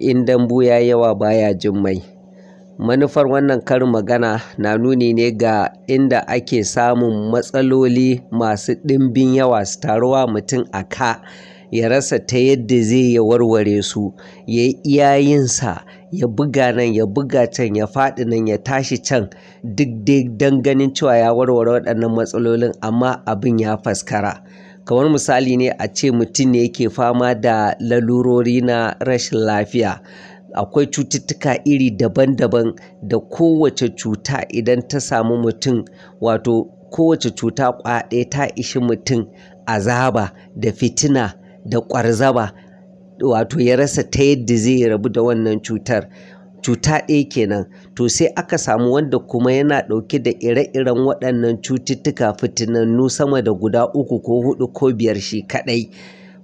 in dambu ya yawa baya jin mai manufar wannan karin magana na nuni ne ga inda ake samun matsaloli masu ɗimbin yawa su taruwa mutum a ka ya rasa ta yadda zai ya warware su ya yi sa ya buga nan ya buga can ya faɗi nan ya tashi can duk dai don ganin cewa ya warware waɗannan matsalolin amma abin ya faskara kamar misali ne a ce mutum ne yake fama da lalurori na rashin lafiya akwai cututtuka iri daban-daban da kowace cuta idan ta samu mutum wato kowace cuta kwaɗe ta ishi mutum azaba da fitina da ƙwarzaba wato ya rasa ta yadda zai rabu da wannan cutar cuta ɗaya kenan to sai aka samu wanda kuma yana ɗauke da ire-iren waɗannan cututtuka fitinannu sama da guda uku ko hudu ko biyar shi kaɗai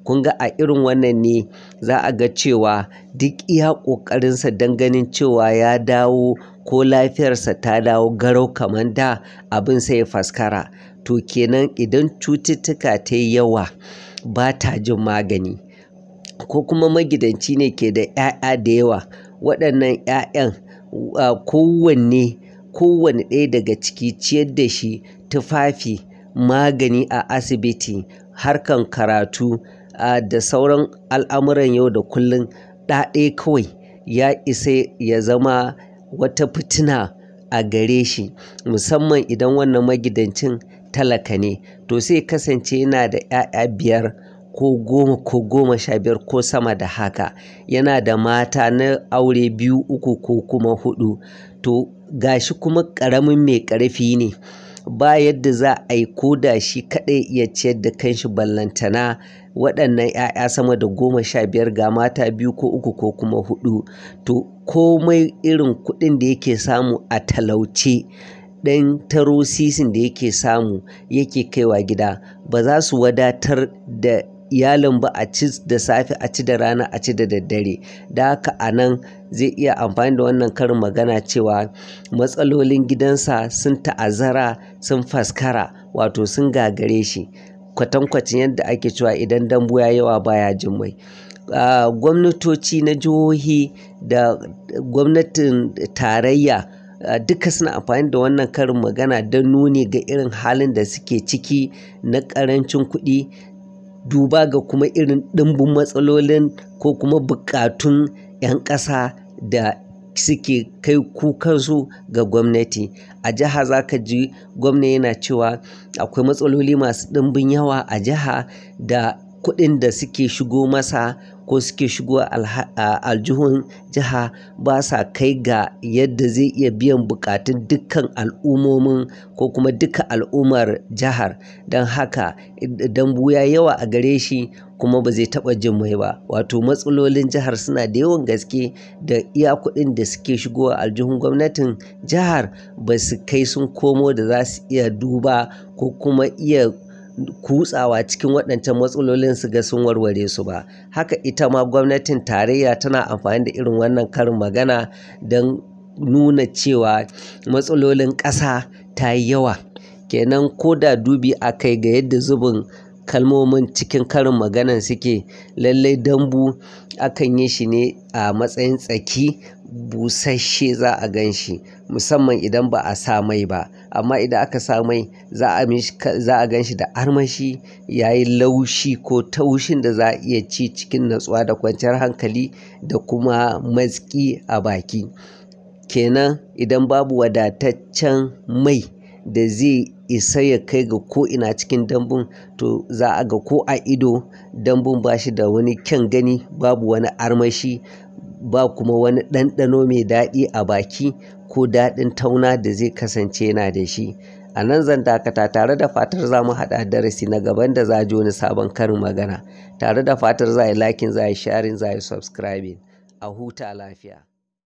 kun ga a irin wannan ne za a ga cewa duk iya ƙoƙarinsa don ganin cewa ya dawo ko lafiyarsa ta dawo garau kamar da abin sai ya faskara to kenan idan cututtuka ta yi yawa ba ta jin magani ko kuma magidanci ne ke da 'ya'ya da yawa waɗannan 'ya'yan kowanne kowanne ɗaya daga ciki ciyar da shi tufafi magani a asibiti harkan karatu da sauran al'amuran yau da kullum ɗa ɗaya kawai ya isa ya zama wata fitina a gare shi musamman idan wannan magidancin talaka ne to sai kasance yana da 'ya'ya biyar ko goma ko goma sha biyar ko sama da haka yana da mata na aure biyu uku ko kuma huɗu to gashi kuma ƙaramin mai ƙarfi ne ba yadda za a yi ko da shi kadai ya ciyar da kanshi ballantana waɗannan 'ya'ya sama da goma sha biyar ga mata biyu ko uku ko kuma huɗu to komai irin kuɗin da yake samu a talauce ɗan taro sisin da yake samu yake kaiwa gida ba za su wadatar da iyalin ba a ci da safe a ci da rana a ci da daddare da haka a nan zai iya amfani da wannan karin magana cewa matsalolin gidansa sun ta'azzara sun faskara wato sun gagare shi kwatankwacin yadda ake cewa idan dambu ya yawa baya jin mai gwamnatoci na jihohi da gwamnatin tarayya duka suna amfani da wannan karin magana don nuni ga irin halin da suke ciki na karancin kuɗi duba ga kuma irin ɗimbin matsalolin ko kuma buƙatun 'yan ƙasa da suke kai kukansu ga gwamnati. A jiha za ka ji gwamna yana cewa akwai matsaloli masu ɗimbin yawa a jiha da kuɗin da suke shigo masa ko suke shigo aljihun jiha ba sa kai ga yadda zai iya biyan bukatun dukkan al'ummomin ko kuma dukkan al'ummar jihar don haka don buya yawa a gare shi kuma ba zai taɓa jin mai ba wato matsalolin jihar suna da yawan gaske da iya kuɗin da suke shigowa aljihun gwamnatin jihar ba su kai sun komo da za su iya duba ko kuma iya kutsawa cikin waɗancan matsalolin su ga sun warware su ba haka ita ma gwamnatin tarayya tana amfani da irin wannan karin magana don nuna cewa matsalolin ƙasa ta yi yawa kenan ko da dubi a kai ga yadda zubin kalmomin cikin karin maganan suke lallai dambu akan yi shi ne a matsayin tsaki busasshe za a gan shi musamman idan ba a sa mai ba amma idan aka sa mai za a gan shi da armashi yayi laushi ko taushin da za a iya ci cikin natsuwa da kwanciyar hankali da kuma matsi a baki kenan idan babu wadataccen mai da zai isa ya kai ga ko ina cikin dambun to za a ga ko a ido dambun ba shi da wani kyan gani babu wani armashi ba kuma wani ɗanɗano mai daɗi a baki ko daɗin tauna da zai kasance na da shi a nan zan dakata tare da fatar za mu haɗa darasi na gaban da za ji wani sabon karin magana tare da fatar za yi lakin za yi sharing za yi subscribing a huta lafiya